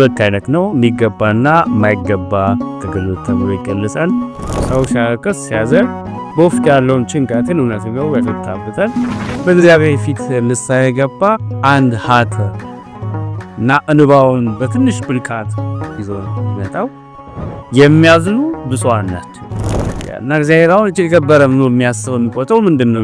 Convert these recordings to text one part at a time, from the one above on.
በቃ አይነት ነው የሚገባና ማይገባ ተገሎት ተብሎ ይገለጻል። ሰው ሲያለቅስ ሲያዘን በውስጥ ያለውን ጭንቀትን እውነት ነው ያፈታበታል። በእግዚአብሔር ፊት ንስሐ የገባ አንድ ሀተ እና እንባውን በትንሽ ብልቃት ይዞ ይመጣው የሚያዝኑ ብፁዓን ናቸው እና እግዚአብሔር አሁን እጅግ ከበረ ብሎ የሚያስበው የሚቆጠው ምንድን ነው?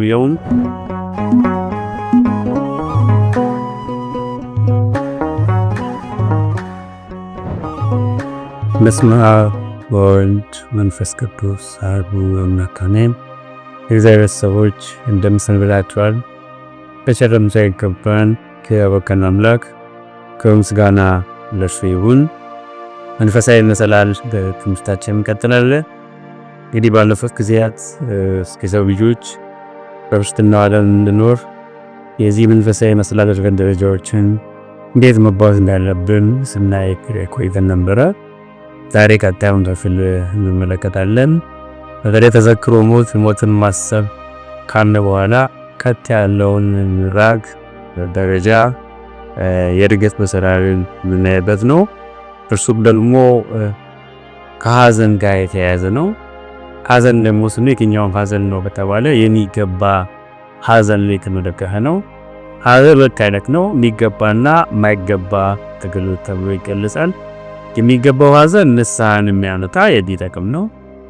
በስመ አብ ወወልድ መንፈስ ቅዱስ አሐዱ አምላክ አሜን። የእግዚአብሔር ሰዎች እንደምን ሰንብታችኋል? በቸር ሳይገባን ከበከን አምላክ ከምስጋና ለእርሱ ይሁን። መንፈሳዊ መሰላል በትምህርታችን እንቀጥላለን። እንግዲህ ባለፉት ጊዜያት እስከ ሰው ልጆች በክርስትናው ዓለም እንድኖር የዚህ መንፈሳዊ መሰላል ደረጃዎችን እንዴት መባወዝ እንዳለብን ስናይ ቆይተን ነበረ። ዛሬ ቀጣዩን ክፍል እንመለከታለን። በተለይ ተዘክሮ ሞት ሞትን ማሰብ ካነ በኋላ ከት ያለውን ምራግ ደረጃ የእድገት መሰራር የምናይበት ነው። እርሱም ደግሞ ከሀዘን ጋር የተያያዘ ነው። ሀዘን ደግሞ ስነ የትኛውም ሀዘን ነው ከተባለ የሚገባ ሀዘን ላይ የተመለከተ ነው። ሀዘን ሁለት አይነት ነው፣ የሚገባና ማይገባ ትግል ተብሎ ይገለጻል። የሚገባው ሐዘን ንስሐን የሚያመጣ የሚጠቅም ነው።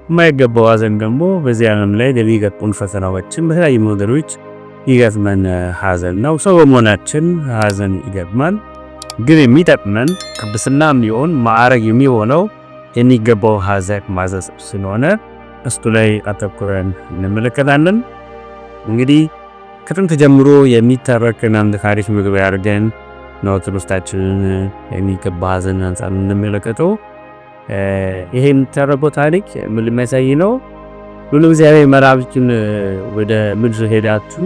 የማይገባው ሐዘን ደግሞ በዚህ ዓለም ላይ የሚገጥሙን ፈተናዎችን በተለያዩ መንገዶች ይገጥመን ሐዘን ነው። ሰው በመሆናችን ሐዘን ይገጥማል። ግን የሚጠቅመን ቅብስና የሚሆን ማዕረግ የሚሆነው የሚገባው ሐዘን ማዘዝ ስለሆነ እሱ ላይ አተኩረን እንመለከታለን። እንግዲህ ከጥንት ጀምሮ የሚተረክን አንድ ታሪክ ምግብ ያድርገን። ነው ትምህርታችንን የሚገባ ሀዘን አንጻር የምንመለከተው። ይሄ ተረቦ ታሪክ ምን የሚያሳይ ነው? ሉሉ እግዚአብሔር መራብችን ወደ ምድር ሄዳችሁ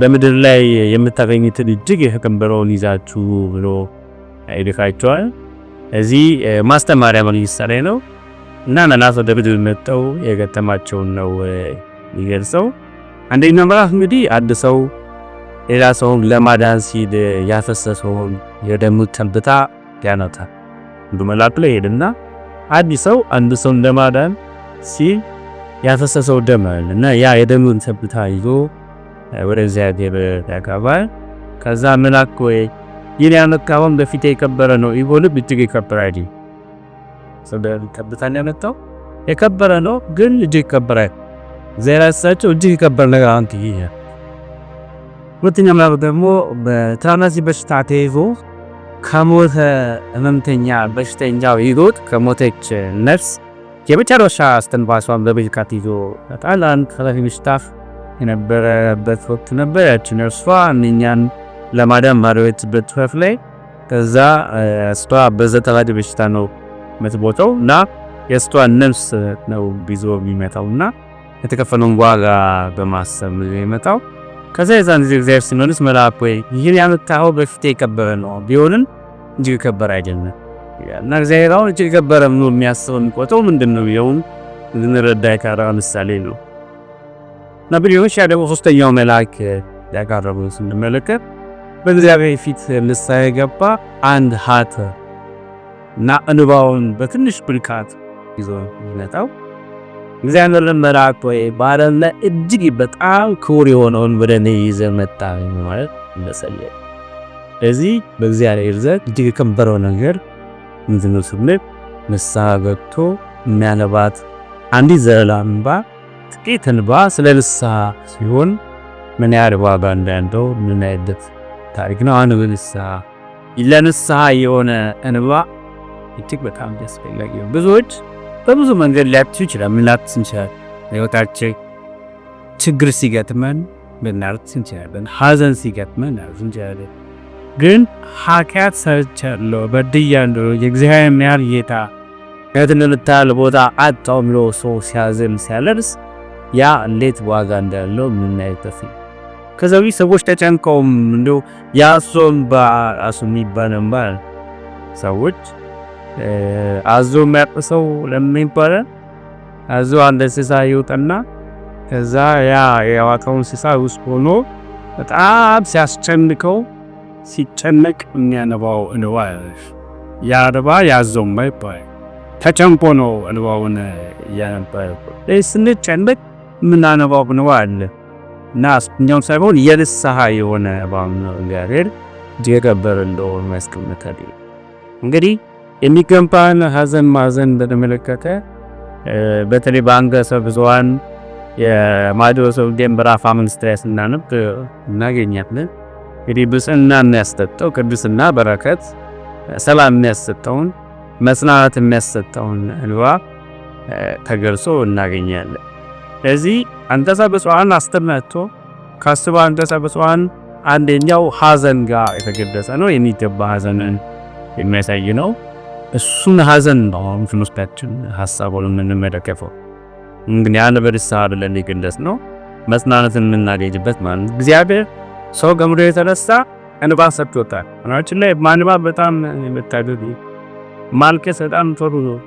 በምድር ላይ የምታገኙትን እጅግ የከበረውን ይዛችሁ ብሎ ይልካቸዋል። እዚህ ማስተማሪያ መንግስት ነው እና ናስ ወደ ምድር መጠው የገጠማቸውን ነው የሚገልጸው። አንደኛው ምዕራፍ እንግዲህ አንድ ሰው ሌላ ሰውን ለማዳን ሲል ያፈሰሰውን የደም ጠብታ ያኖታል። አንዱ መልአክ ላይ ሄድና አንድ ሰው አንድ ሰውን ለማዳን ሲል ያፈሰሰው ደም እና ያ የደሙን ጠብታ ይዞ ወደ እግዚአብሔር ያቀርባል። ከዛ መልአክ ወይ ይህን ያመጣውን በፊት የከበረ ነው ይሁንም እጅግ የከበረ አይደል? ጠብታን ያመጣው የከበረ ነው ግን እጅግ የከበረ እግዚአብሔር ያሳቸው እጅግ የከበረ ነገር አንተ ይሄ ሁለተኛ ምዕራፍ ደግሞ በተህናሲ በሽታ ተይዞ ከሞተ ህመምተኛ በሽተኛው ይዞት ከሞተች ነፍስ የመጨረሻ እስትንፋሷን በብልቃት ይዞ በጣል አንድ ኃላፊ ምሽታፍ የነበረበት ወቅት ነበር። ያችን እርሷ እኛን ለማዳን ማሪዎችበት ወፍ ላይ ከዛ እሷ በዘተላድ በሽታ ነው የምትሞተው እና የእሷን ነፍስ ነው ቢዞ የሚመጣው እና የተከፈለውን ዋጋ በማሰብ ይመጣው ከዛ የዛን ጊዜ እግዚአብሔር ሲመልስ መልአክ ወይ ይህን ያመጣኸው በፊቴ የከበረ ነው ቢሆንም እጅግ የከበረ አይደለም እና እግዚአብሔር አሁን እጅግ የከበረ ምኖ የሚያስበው የሚቆጠው ምንድን ነው የሚለውም እንድንረዳ የካራ ምሳሌ ነው እና ብሊሆሻ ደግሞ ሶስተኛው መልአክ ያቀረበ ስንመለከት በእግዚአብሔር ፊት ንስሐ የገባ አንድ ሀተ እና እንባውን በትንሽ ብልካት ይዞ ይመጣው እግዚአብሔር መልአክ ወይ በዓለም እጅግ በጣም ክቡር የሆነውን ወደ እኔ ይዘህ መጣህ ማለት መሰለ። ስለዚህ በእግዚአብሔር ዘንድ እጅግ የከበረው ነገር ምንድን ስብል ስንል ንስሐ ገብቶ የሚያነባት አንዲት ዘለላም እንባ ጥቂት እንባ ስለ ንስሐ ሲሆን ምን ያህል ዋጋ እንዳለው የምናይበት ታሪክ ነው። አንዱ ንስሐ ለንስሐ የሆነ እንባ እጅግ በጣም ደስ ፈላጊ ብዙዎች በብዙ መንገድ ሊያትሱ ይችላል። ምን ምናትስ እንችላል ህይወታችን ችግር ሲገጥመን ብናርትስ እንችላለን። ሀዘን ሲገጥመን ናርዝ እንችላለን። ግን ኃጢአት ሰርቻለሁ በድያለሁ የእግዚአብሔር ያህል ጌታ ከትንንታ ቦታ አጣው ብሎ ሰው ሲያዝን ሲያለርስ ያ እንዴት ዋጋ እንዳለው የምናይበት ከዛዊ ሰዎች ተጨንቀውም እንዲ ያሶን በአሱ የሚባል ሰዎች አዞ የሚያውቅ ሰው አዞ አንድ እንስሳ ይውጥና ከዛ ያ የዋተው እንስሳ ውስጥ ሆኖ በጣም ሲያስጨንቀው ሲጨነቅ የሚያነባው እንባ ያ እንባ ያዞማ ይባላል። ተጨንቆ ነው እንባውን እያነባው። ስንጨነቅ የምናነባው እንባ አለ እና እኛም ሳይሆን የንስሐ የሆነ እንባ እግዚአብሔር የቀበረ እንደሆነ ያስቀምጣል እንግዲህ የሚገባን ሀዘን ማዘን በተመለከተ በተለይ በአንቀጸ ብዙኃን የማቴዎስ ወንጌል ምዕራፍ አምስት ላይ ስናነብ እናገኛለን። እንግዲህ ብፅዕና የሚያሰጠው ቅዱስና በረከት፣ ሰላም የሚያሰጠውን መጽናናት የሚያሰጠውን ልዋ ተገልጾ እናገኛለን። ለዚህ አንቀጸ ብዙኃን አስተምቶ ካስበ አንቀጸ ብዙኃን አንደኛው ሀዘን ጋር የተገለጸ ነው። የሚገባ ሀዘንን የሚያሳይ ነው። እሱን ሀዘን ነው አሁን ሀሳቡን የምንመለከተው። እንግዲህ ያለ በደስታ አይደለም ሊገለጽ ነው መጽናናትን የምናገኝበት ማለት ነው። እግዚአብሔር ሰው ገምዶ የተነሳ እንባ ሰጥቶታል። አናችን ላይ ማንባ በጣም የምታደግ ማልቀስ በጣም ጥሩ ነው።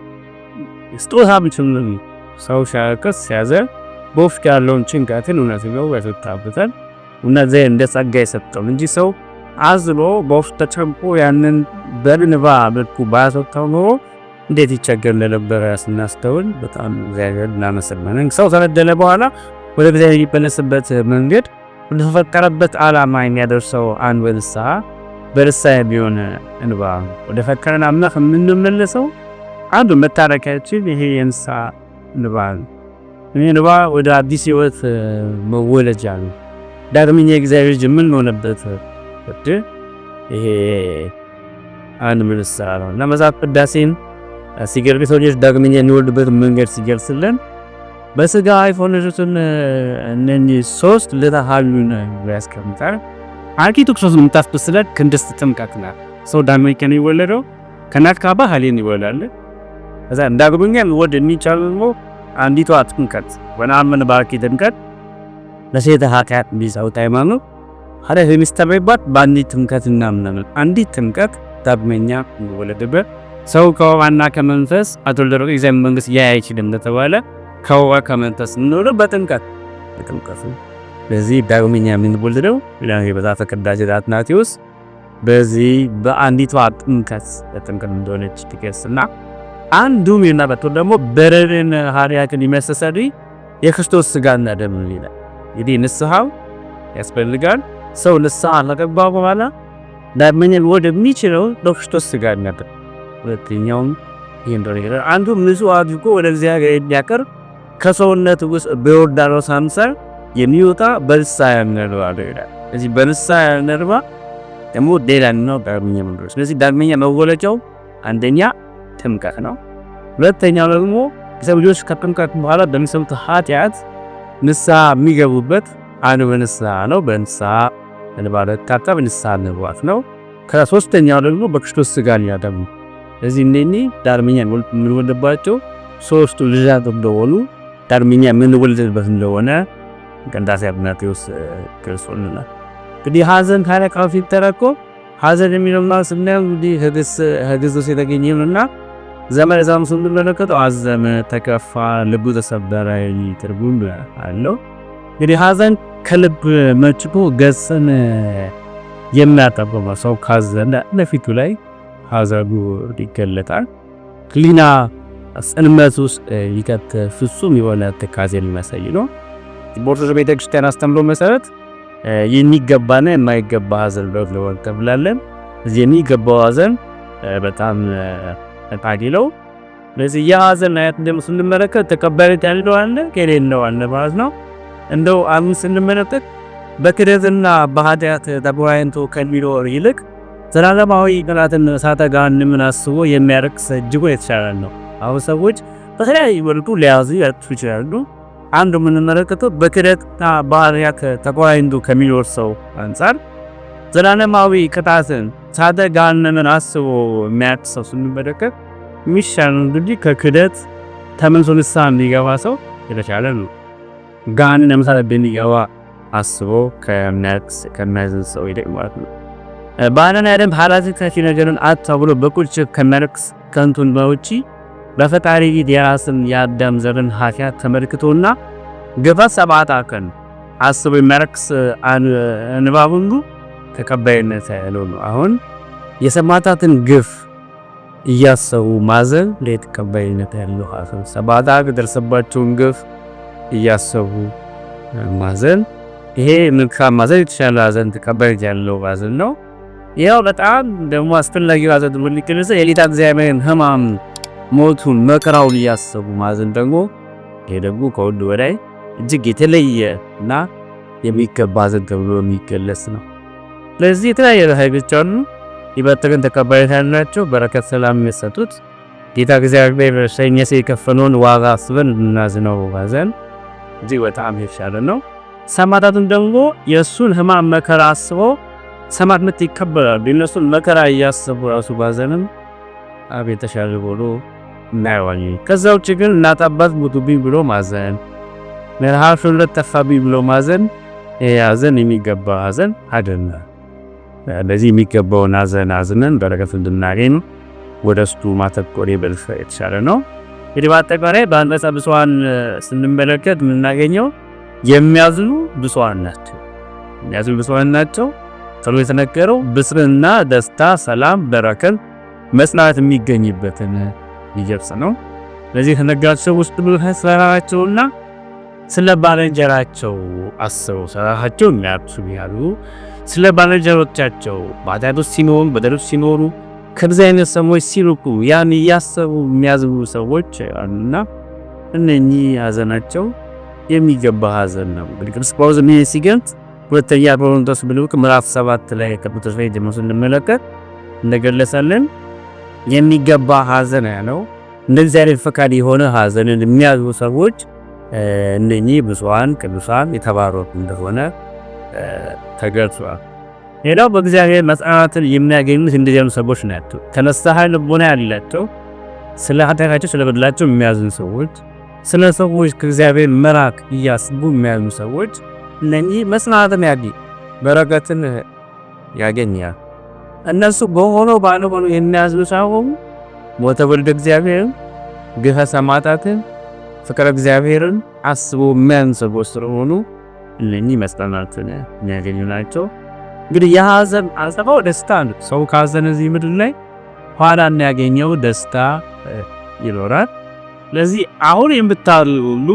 ስጦታ ነው። ሰው ሲያለቅስ ሲያዘን በውስጥ ያለውን ጭንቀትን እውነት ነው ያስወጣበታል። እውነት እንደ ጸጋ የሰጠው እንጂ ሰው አዝሎ በውስጥ ተጨምቆ ያንን በንባ መልኩ ባያሰጥተው ኖሮ እንዴት ይቸገር እንደነበረ ስናስተውል በጣም እግዚአብሔር እናመሰግናለን። ሰው ተበደለ በኋላ ወደ እግዚአብሔር የሚመለስበት መንገድ ወደተፈቀረበት ዓላማ የሚያደርሰው አንድ በንስሐ በንስሐ የሚሆን እንባ ወደ ፈከረን አምላክ የምንመለሰው አንዱ መታረቂያችን ይሄ የንስሐ እንባ ነው። ይህ እንባ ወደ አዲስ ህይወት መወለጃ ነው። ዳግመኛ የእግዚአብሔር ልጅ የምንሆንበት ቅድም ይሄ አንድ ምንስራ ነው እና መጽሐፍ ቅዳሴን ሲገልጽ ልጅ ዳግመኛ የሚወልዱበት መንገድ ሲገልጽልን በስጋ የሆኑትን እነኚህ ሶስት ለተሃሉ ነው ያስቀምጣል። አርኪቴክቶስ የምታስመስለን ክንድስት ጥምቀት ናት። ሰው ዳግመኛ ከሚወለደው ከእናት ከአባ ሀሌን ይወላል። እዛ ዳግመኛ ሊወለድ የሚቻለው ደግሞ አንዲቷ ጥምቀት ወነአምን ባርኪ ጥምቀት ለሴተ ኃጢአት የሚጸውት ሃይማኖት አለ የሚስተበይባት በአንዲት ጥምቀት እናምናለን። አንዲት ጥምቀት ዳግመኛ እንደወለደበት ሰው ከውሃና ከመንፈስ አትወልደም የእግዚአብሔር መንግሥት ሊያይ አይችልም እንደተባለ ከውሃ ከመንፈስ የምንወልደው በጥምቀት በጥምቀት ነው። በዚህ ዳግመኛ የምንወልደው በዛተ ቅዳሴ አትናቴዎስ በዚህ በአንዲቷ ጥምቀት በጥምቀት እንደሆነች ትገስና አንዱ ሚና በተወል ደግሞ በደልን ኃጢአትን ይመሰሰሪ የክርስቶስ ስጋና ደም ይላል። እንግዲህ ንስሐው ያስፈልጋል። ሰው ንስሐ ከገባ በኋላ ለምን ወደሚችለው ለክርስቶስ ስጋ ነበር። ሁለተኛውም ይህን አንዱ ምዙ አድርጎ ወደ እግዚአብሔር የሚያቀርብ ከሰውነት ውስጥ በዮርዳኖስ አምሳል የሚወጣ በንስሐ የሚያነባ ነው ይላል። ስለዚህ በንስሐ የሚያነባ ደግሞ ነው። ዳግመኛ መወለድ። ስለዚህ ዳግመኛ መወለጃው አንደኛ ጥምቀት ነው። ሁለተኛው ደግሞ የሰው ልጆች ከጥምቀት በኋላ በሚሰሩት ኃጢአት ንስሐ የሚገቡበት አንዱ በንስሐ ነው። በንስሐ እንባ ካጣ ንስሐ መግባት ነው። ከሶስተኛው ደግሞ በክርስቶስ ስጋን ያደሙ እዚህ እኔኒ ዳግመኛ የምንወልድባቸው ሶስቱ ልደት እንደሆኑ ዳግመኛ የምንወልድበት እንደሆነ ቅዳሴ አትናቴዎስ ገልጾልናል። እንግዲህ ሀዘን ካለ ካፊ ተረኮ ሀዘን የሚለውና ስናየው እንግዲህ ህግስ ውስጥ የተገኘ ነውና ዘመን ዛም ስንመለከተው አዘመ፣ ተከፋ፣ ልቡ ተሰበረ ትርጉም አለው። እንግዲህ ሀዘን ከልብ መጭቶ ገጽን የሚያጠብበ ሰው ካዘነ ለፊቱ ላይ ሀዘኑ ይገለጣል። ክሊና ጽንመት ውስጥ ሊቀት ፍጹም የሆነ ትካዜ የሚያሳይ ነው። በኦርቶዶክስ ቤተክርስቲያን አስተምሮ መሰረት የሚገባና የማይገባ ሀዘን በት ለወቅ ተብላለን። እዚህ የሚገባው ሀዘን በጣም ፈጣሪ ነው። ስለዚህ ያ ሀዘን አያት እንደምስል እንመለከት ተቀባይነት ያለው አለ ከሌለው አለ ማለት ነው። እንደው አሁን ስንመለከት በክደትና በኃጢአት ተቆራኝቶ ከሚኖር ይልቅ ዘላለማዊ ቅጣትን እሳተ ገሃነምን አስቦ የሚያረክስ እጅጉ የተሻለ ነው። አሁን ሰዎች በተለያዩ መልኩ ሊያዙ ያጡ ይችላሉ። አንዱ የምንመለከተው በክደትና በኃጢአት ተቆራኝቶ ከሚኖር ሰው አንጻር ዘላለማዊ ቅጣትን እሳተ ገሃነምን አስቦ የሚያረክስ ሰው ስንመለከት የሚሻለው እንግዲህ ከክደት ተመልሶ ንስሐ የሚገባ ሰው የተሻለ ነው። ጋን ለምሳሌ ብንገባ አስቦ ከሚያዝን ሰው ይደግ ማለት ነው። ባህልና ደንብ ኃላፊነት ነገርን አታብሎ በቁጭት ከሚያረክስ ከንቱን በውጪ በፈጣሪ ፊት የራስን የአዳም ዘርን ኃጢአት ተመልክቶና ገፋ ሰባት አከን አስቦ የሚያረክስ እንባ ሁሉ ተቀባይነት ያለው ነው። አሁን የሰማዕታትን ግፍ እያሰቡ ማዘን ላይ ያለው ሀሳብ ሰማዕታት የደረሰባቸውን ግፍ እያሰቡ ማዘን ይሄ መልካም ማዘን የተሻለ ሐዘን ተቀባይነት ያለው ማዘን ነው። ያው በጣም ደግሞ አስፈላጊ ሐዘን ምንቅንሰ የሌታ እግዚአብሔርን ህማም ሞቱን፣ መከራውን እያሰቡ ማዘን ደግሞ ይሄ ደግሞ ከሁሉ በላይ እጅግ የተለየ እና የሚገባ ሐዘን ተብሎ የሚገለጽ ነው። ስለዚህ የተለያየ ኃይሎች አሉ። ይበጥቅን ተቀባይነት ያላቸው በረከት፣ ሰላም የሚሰጡት ጌታ እግዚአብሔር ሰኞ የከፈለውን ዋጋ አስበን እናዝነው ሐዘን እጅግ በጣም የተሻለ ነው። ሰማዕታትም ደግሞ የእሱን ሕማም መከራ አስበው ሰማዕትነት ይከበራሉ። የእነሱን መከራ እያሰቡ ራሱ ባዘንም አብ የተሻለ ብሎ እናየዋለን። ከዛ ውጭ ግን እናት አባት ሞቱብኝ ብሎ ማዘን፣ መርሃፍ ሁለት ብሎ ማዘን የያዘን የሚገባ ሐዘን አደና ለዚህ የሚገባውን ሐዘን አዝነን በረከት እንድናገኝ ወደ እሱ በልፈ የተሻለ ነው። እንግዲህ በአጠቃላይ በአንበሳ ብፁዓን ስንመለከት የምናገኘው የሚያዝኑ ብፁዓን ናቸው። የሚያዝኑ ብፁዓን ናቸው ተብሎ የተነገረው ብስርና ደስታ፣ ሰላም፣ በረከት፣ መጽናት የሚገኝበትን ይገልጽ ነው። ስለዚህ ከነጋቸው ውስጥ ብልህ ስለራሳቸውና ስለ ባለንጀራቸው አስበው ስለራሳቸው የሚያርሱ ያሉ ስለ ባለንጀሮቻቸው በኃጢአት ውስጥ ሲኖሩ በደል ሲኖሩ ከዚህ አይነት ሰዎች ሲርቁ ያን እያሰቡ የሚያዝኑ ሰዎች አሉና እነኚህ ሀዘናቸው የሚገባ ሀዘን ነው። እንግዲህ ቅዱስ ጳውሎስ ይህን ሲገልጽ ሁለተኛ ቆሮንቶስ ብሉክ ምዕራፍ ሰባት ላይ ከቁጥር ላይ ጀምሮ ስንመለከት እንደገለጸልን የሚገባ ሀዘን ያለው እንደዚህ አይነት ፈቃድ የሆነ ሀዘንን የሚያዝኑ ሰዎች እነኚህ ብፁዓን ቅዱሳን የተባረኩ እንደሆነ ተገልጿል። ሌላው በእግዚአብሔር መጽናናትን የሚያገኙት እንደዚህ ያሉ ሰዎች ናቸው። ተነሳሃ ልቦና ያላቸው ስለ ኃጢአታቸው ስለ በደላቸው የሚያዝኑ ሰዎች፣ ስለ ሰዎች ከእግዚአብሔር መራቅ እያስቡ የሚያዝኑ ሰዎች እነኚህ መጽናናትን ያገኝ በረከትን ያገኛል። እነሱ በሆነው ባለሆኑ የሚያዝኑ ሳይሆኑ ሞተ ወልደ እግዚአብሔርን ግፈ ሰማዕታትን ፍቅረ እግዚአብሔርን አስቦ የሚያዝኑ ሰዎች ስለሆኑ እነኚህ መጽናናትን የሚያገኙ ናቸው። እንግዲህ የሐዘን አሰፋው ደስታ ነው። ሰው ካዘነ እዚህ ምድር ላይ ኋላ ያገኘው ደስታ ይኖራል። ስለዚህ አሁን የምታሉ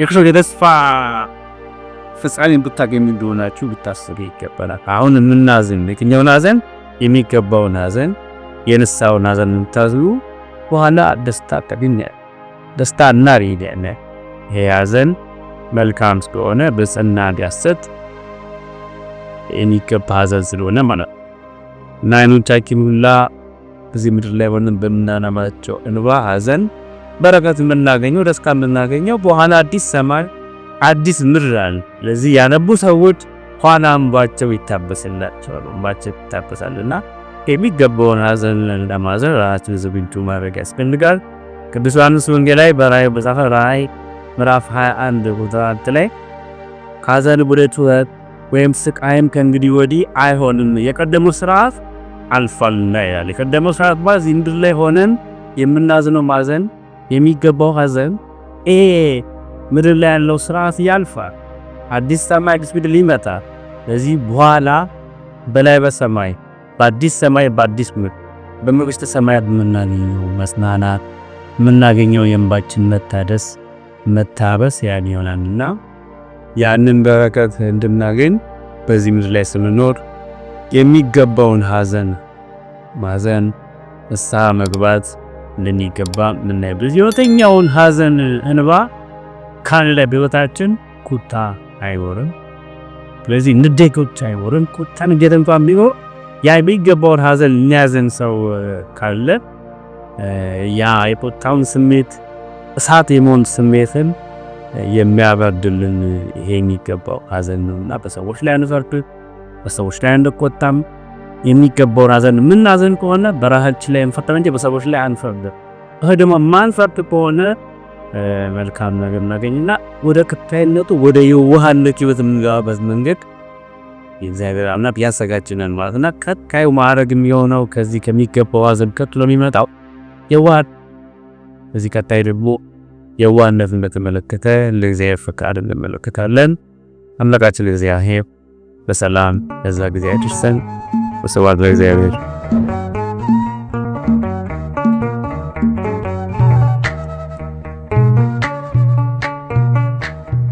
የክርስቶስ የተስፋ ፍጻሜ ብታገኙ እንደሆናችሁ ብታስቡ ይገባናል። አሁን የምናዝን የትኛውን ሐዘን የሚገባውን ሐዘን የንስሐውን ሐዘን የምታዝኑ በኋላ ደስታ ቀድኛ ደስታ እናር ይሄ ሐዘን መልካም ስለሆነ በጽና እንዲያሰጥ የሚገባ ሀዘን ስለሆነ ማለት ነው እና አይኖቻችን ሁላ በዚህ ምድር ላይ ሆነን በምናነባቸው እንባ ሀዘን በረከት የምናገኘው ደስታ የምናገኘው በኋላ አዲስ ሰማይ አዲስ ምድር አለ። ስለዚህ ያነቡ ሰዎች ኋላ እንባቸው ይታበስላቸዋል፣ እንባቸው ይታበሳልና የሚገባውን ሀዘን ለማዘን ራሳችን ዝግጁ ማድረግ ያስፈልጋል። ቅዱስ ዮሐንስ ላይ በራእይ መጽሐፈ ራእይ ምዕራፍ 21 ቁጥር ላይ ከሀዘን ወደ ትሑት ወይም ስቃይም ከእንግዲህ ወዲህ አይሆንም። የቀደመው ስርዓት አልፋልና ይላል። የቀደመው ስርዓት ባዝ ምድር ላይ ሆነን የምናዝነው ማዘን የሚገባው ሀዘን ኤ ምድር ላይ ያለው ስርዓት ያልፋል። አዲስ ሰማይ አዲስ ምድር ይመጣል። ለዚህ በኋላ በላይ በሰማይ በአዲስ ሰማይ በአዲስ ምድር በመንግስተ ሰማያት የምናገኘው መጽናናት የምናገኘው የእንባችን መታደስ መታበስ ያን ይሆናልና ያንን በረከት እንድናገኝ በዚህ ምድር ላይ ስንኖር የሚገባውን ሐዘን ማዘን፣ እሳ መግባት እንደሚገባ የምናይበት የወተኛውን ሐዘን እንባ ካለ በሕይወታችን ቁጣ አይኖርም። ስለዚህ ንዴቶች አይኖርም። ቁጣ ንዴት እንኳን ቢኖር ያ የሚገባውን ሐዘን የሚያዘን ሰው ካለ ያ የቁጣውን ስሜት እሳት የመሆን ስሜትን የሚያበርድልን ይሄ የሚገባው ሀዘን ነው እና በሰዎች ላይ አንፈርድም፣ በሰዎች ላይ አንቆጣም። የሚገባውን ሀዘን ምን ሀዘን ከሆነ በራሳችን ላይ እንፈርድ እንጂ በሰዎች ላይ አንፈርድ። ይህ ደግሞ ማንፈርድ ከሆነ መልካም ነገር እናገኝና ወደ ከፋይነቱ ወደ የዋህነት ህይወት የምንገባበት መንገድ የእግዚአብሔር አምላክ ያዘጋጅናል ማለት እና ከካዩ ማዕረግ የሚሆነው ከዚህ ከሚገባው ሀዘን ቀጥሎ የሚመጣው የዋህ እዚህ ከታይ ደግሞ የዋህነትን በተመለከተ ለእግዚአብሔር ፈቃድ እንመለከታለን። አምላካችን እግዚአብሔር በሰላም ለዛ ጊዜ አይደርሰን። ወስብሐት ለእግዚአብሔር።